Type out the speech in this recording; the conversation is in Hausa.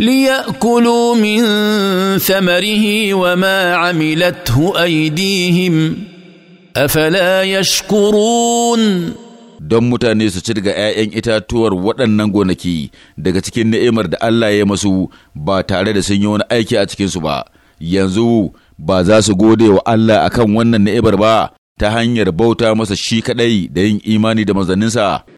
لياكلوا من ثمره وما عملته ايديهم افلا يشكرون don mutane su ci daga ‘ya'yan itatuwar waɗannan gonaki daga cikin ni'imar da Allah ya masu ba tare da sun yi wani aiki a cikinsu ba, yanzu ba za su gode wa Allah kan wannan ni'imar ba ta hanyar bauta masa shi kaɗai da yin imani da mazaninsa?